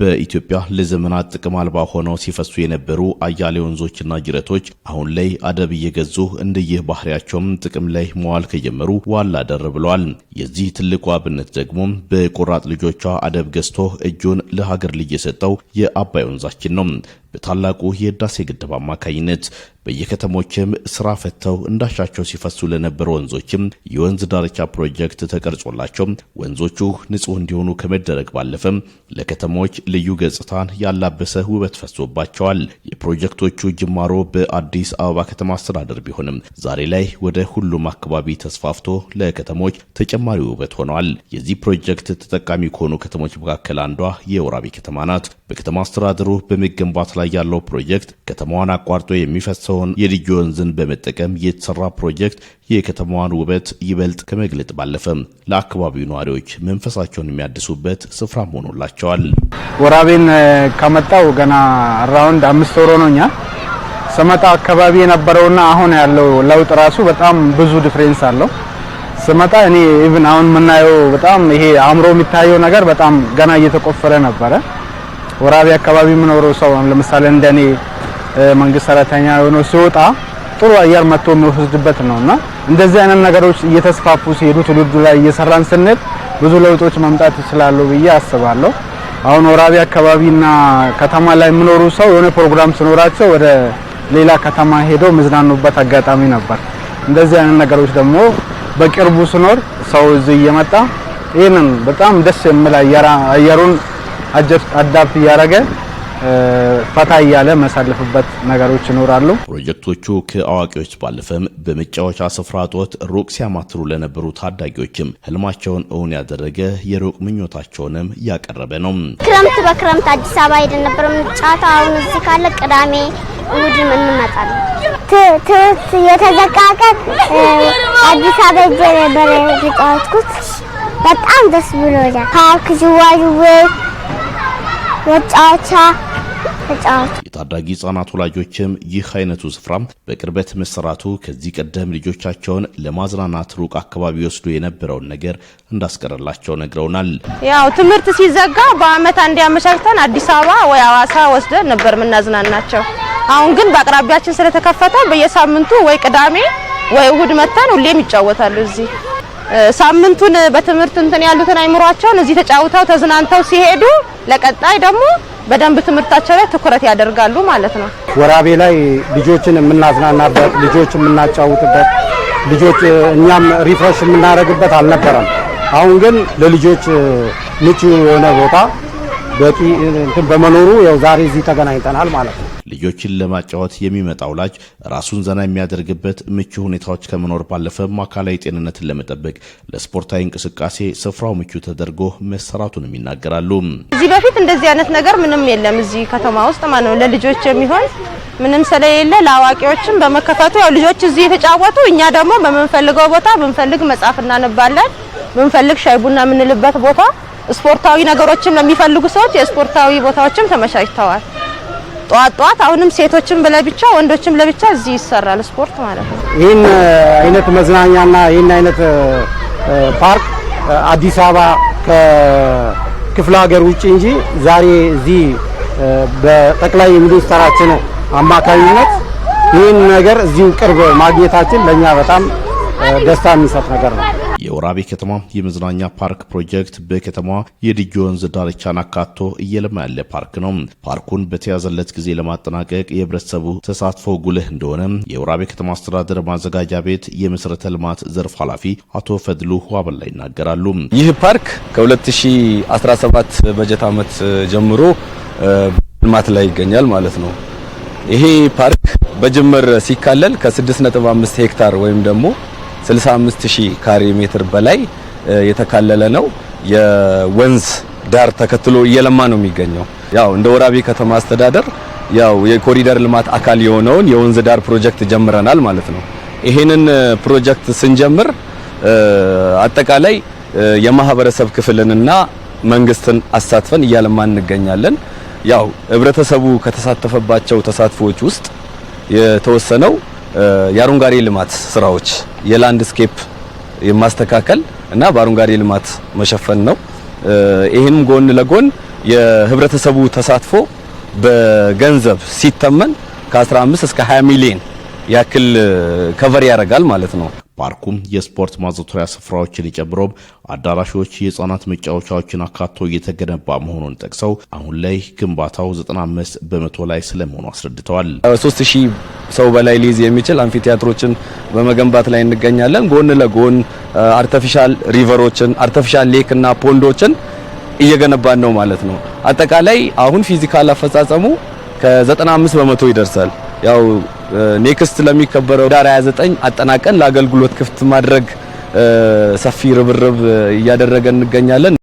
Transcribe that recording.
በኢትዮጵያ ለዘመናት ጥቅም አልባ ሆነው ሲፈሱ የነበሩ አያሌ ወንዞችና ጅረቶች አሁን ላይ አደብ እየገዙ እንደየህ ባህሪያቸውም ጥቅም ላይ መዋል ከጀመሩ ዋላ ደር ብለዋል። የዚህ ትልቁ አብነት ደግሞ በቆራጥ ልጆቿ አደብ ገዝቶ እጁን ለሀገር ልጅ የሰጠው የአባይ ወንዛችን ነው። በታላቁ የህዳሴ ግድብ አማካኝነት በየከተሞችም ስራ ፈተው እንዳሻቸው ሲፈሱ ለነበሩ ወንዞችም የወንዝ ዳርቻ ፕሮጀክት ተቀርጾላቸው ወንዞቹ ንጹህ እንዲሆኑ ከመደረግ ባለፈም ለከተሞች ልዩ ገጽታን ያላበሰ ውበት ፈሶባቸዋል። የፕሮጀክቶቹ ጅማሮ በአዲስ አበባ ከተማ አስተዳደር ቢሆንም ዛሬ ላይ ወደ ሁሉም አካባቢ ተስፋፍቶ ለከተሞች ተጨማሪ ውበት ሆነዋል። የዚህ ፕሮጀክት ተጠቃሚ ከሆኑ ከተሞች መካከል አንዷ የወራቤ ከተማ ናት። በከተማ አስተዳደሩ በመገንባት ላይ ያለው ፕሮጀክት ከተማዋን አቋርጦ የሚፈሰው ሲሆን የድዮ ወንዝን በመጠቀም የተሰራ ፕሮጀክት የከተማዋን ውበት ይበልጥ ከመግለጥ ባለፈም ለአካባቢው ነዋሪዎች መንፈሳቸውን የሚያድሱበት ስፍራም ሆኖላቸዋል። ወራቤን ከመጣው ገና ራውንድ አምስት ነው እኛ ስመጣ አካባቢ የነበረውና አሁን ያለው ለውጥ ራሱ በጣም ብዙ ዲፍሬንስ አለው። ስመጣ እኔ ኢቭን አሁን የምናየው በጣም ይሄ አእምሮ የሚታየው ነገር በጣም ገና እየተቆፈረ ነበረ። ወራቤ አካባቢ የምኖረው ሰው ለምሳሌ እንደኔ መንግስት ሰራተኛ ሆኖ ሲወጣ ጥሩ አየር መጥቶ የሚወስድበት ነውና እንደዚህ አይነት ነገሮች እየተስፋፉ ሲሄዱ ትውልዱ ላይ እየሰራን ስንል ብዙ ለውጦች መምጣት ይችላሉ ብዬ አስባለሁ። አሁን ወራቢ አካባቢና ከተማ ላይ የሚኖሩ ሰው የሆነ ፕሮግራም ሲኖራቸው ወደ ሌላ ከተማ ሄደው መዝናኑበት አጋጣሚ ነበር። እንደዚህ አይነት ነገሮች ደግሞ በቅርቡ ሲኖር ሰው እዚህ እየመጣ ይህንን በጣም ደስ የሚል አየሩን አዳፕት እያደረገ ፈታ እያለ መሳልፍበት ነገሮች ይኖራሉ። ፕሮጀክቶቹ ከአዋቂዎች ባለፈም በመጫወቻ ስፍራ ጦት ሩቅ ሲያማትሩ ለነበሩ ታዳጊዎችም ህልማቸውን እውን ያደረገ የሩቅ ምኞታቸውንም ያቀረበ ነው። ክረምት በክረምት አዲስ አበባ ሄደን ነበር ጫታ። አሁን እዚህ ካለ ቅዳሜ እሑድም እንመጣለን። ትት የተዘጋቀት አዲስ አበባ ሄጄ ነበር የተጫወትኩት። በጣም ደስ ብሎኛል። ፓርክ፣ ዥዋዥዌ፣ መጫወቻ ተጫወቱ። የታዳጊ ህጻናት ወላጆችም ይህ አይነቱ ስፍራ በቅርበት መሰራቱ ከዚህ ቀደም ልጆቻቸውን ለማዝናናት ሩቅ አካባቢ ወስዶ የነበረውን ነገር እንዳስቀረላቸው ነግረውናል። ያው ትምህርት ሲዘጋ በአመት አንድ ያመቻችተን አዲስ አበባ ወይ አዋሳ ወስደን ነበር የምናዝናናቸው። አሁን ግን በአቅራቢያችን ስለተከፈተ በየሳምንቱ ወይ ቅዳሜ ወይ እሁድ መተን ሁሌም ይጫወታሉ። እዚህ ሳምንቱን በትምህርት እንትን ያሉትን አይምሯቸውን እዚህ ተጫውተው ተዝናንተው ሲሄዱ ለቀጣይ ደግሞ በደንብ ትምህርታቸው ላይ ትኩረት ያደርጋሉ ማለት ነው። ወራቤ ላይ ልጆችን የምናዝናናበት፣ ልጆች የምናጫውትበት፣ ልጆች እኛም ሪፍረሽ የምናደርግበት አልነበረም። አሁን ግን ለልጆች ምቹ የሆነ ቦታ በቂ በመኖሩ ያው ዛሬ እዚህ ተገናኝተናል ማለት ነው። ልጆችን ለማጫወት የሚመጣ ወላጅ ራሱን ዘና የሚያደርግበት ምቹ ሁኔታዎች ከመኖር ባለፈ አካላዊ ጤንነትን ለመጠበቅ ለስፖርታዊ እንቅስቃሴ ስፍራው ምቹ ተደርጎ መሰራቱንም ይናገራሉ። እዚህ በፊት እንደዚህ አይነት ነገር ምንም የለም እዚህ ከተማ ውስጥ ማለት ነው። ለልጆች የሚሆን ምንም ስለሌለ ለአዋቂዎችም በመከፈቱ ያው ልጆች እዚህ የተጫወቱ እኛ ደግሞ በምንፈልገው ቦታ ብንፈልግ መጻፍ እናነባለን፣ ብንፈልግ ሻይ ቡና የምንልበት ቦታ ስፖርታዊ ነገሮችን ለሚፈልጉ ሰዎች የስፖርታዊ ቦታዎችም ተመቻችተዋል። ጧት ጧት አሁንም ሴቶችም ለብቻ ወንዶችም ለብቻ እዚህ ይሰራል ስፖርት ማለት ነው። ይህን አይነት መዝናኛና ይህን አይነት ፓርክ አዲስ አበባ ከክፍለ ሀገር ውጭ እንጂ ዛሬ እዚህ በጠቅላይ ሚኒስትራችን አማካኝነት ይህን ነገር እዚሁ ቅርብ ማግኘታችን ለእኛ በጣም ደስታ የሚሰጥ ነገር ነው። የወራቤ ከተማ የመዝናኛ ፓርክ ፕሮጀክት በከተማ የድጆ ወንዝ ዳርቻን አካቶ እየለማ ያለ ፓርክ ነው። ፓርኩን በተያዘለት ጊዜ ለማጠናቀቅ የህብረተሰቡ ተሳትፎ ጉልህ እንደሆነ የወራቤ ከተማ አስተዳደር ማዘጋጃ ቤት የመሰረተ ልማት ዘርፍ ኃላፊ አቶ ፈድሉ ዋበላ ይናገራሉ። ይህ ፓርክ ከ2017 በጀት ዓመት ጀምሮ ልማት ላይ ይገኛል ማለት ነው። ይሄ ፓርክ በጅምር ሲካለል ከ6.5 ሄክታር ወይም ደግሞ 65000 ካሬ ሜትር በላይ የተካለለ ነው። የወንዝ ዳር ተከትሎ እየለማ ነው የሚገኘው። ያው እንደ ወራቤ ከተማ አስተዳደር ያው የኮሪደር ልማት አካል የሆነውን የወንዝ ዳር ፕሮጀክት ጀምረናል ማለት ነው። ይሄንን ፕሮጀክት ስንጀምር አጠቃላይ የማህበረሰብ ክፍልንና መንግስትን አሳትፈን እያለማን እንገኛለን። ያው ህብረተሰቡ ከተሳተፈባቸው ተሳትፎዎች ውስጥ የተወሰነው የአረንጓዴ ልማት ስራዎች የላንድስኬፕ የማስተካከል እና በአረንጓዴ ልማት መሸፈን ነው። ይህንም ጎን ለጎን የህብረተሰቡ ተሳትፎ በገንዘብ ሲተመን ከ15 እስከ 20 ሚሊዮን ያክል ከቨር ያደርጋል ማለት ነው። ፓርኩም የስፖርት ማዘውተሪያ ስፍራዎችን ጨምሮ አዳራሾች፣ የህፃናት መጫወቻዎችን አካቶ እየተገነባ መሆኑን ጠቅሰው አሁን ላይ ግንባታው 95 በመቶ ላይ ስለመሆኑ አስረድተዋል። ሶስት ሺህ ሰው በላይ ሊይዝ የሚችል አምፊቲያትሮችን በመገንባት ላይ እንገኛለን። ጎን ለጎን አርተፊሻል ሪቨሮችን፣ አርተፊሻል ሌክ እና ፖንዶችን እየገነባን ነው ማለት ነው። አጠቃላይ አሁን ፊዚካል አፈጻጸሙ ከ95 በመቶ ይደርሳል ያው ኔክስት ለሚከበረው ዳር 29 አጠናቀን ለአገልግሎት ክፍት ማድረግ ሰፊ ርብርብ እያደረገ እንገኛለን።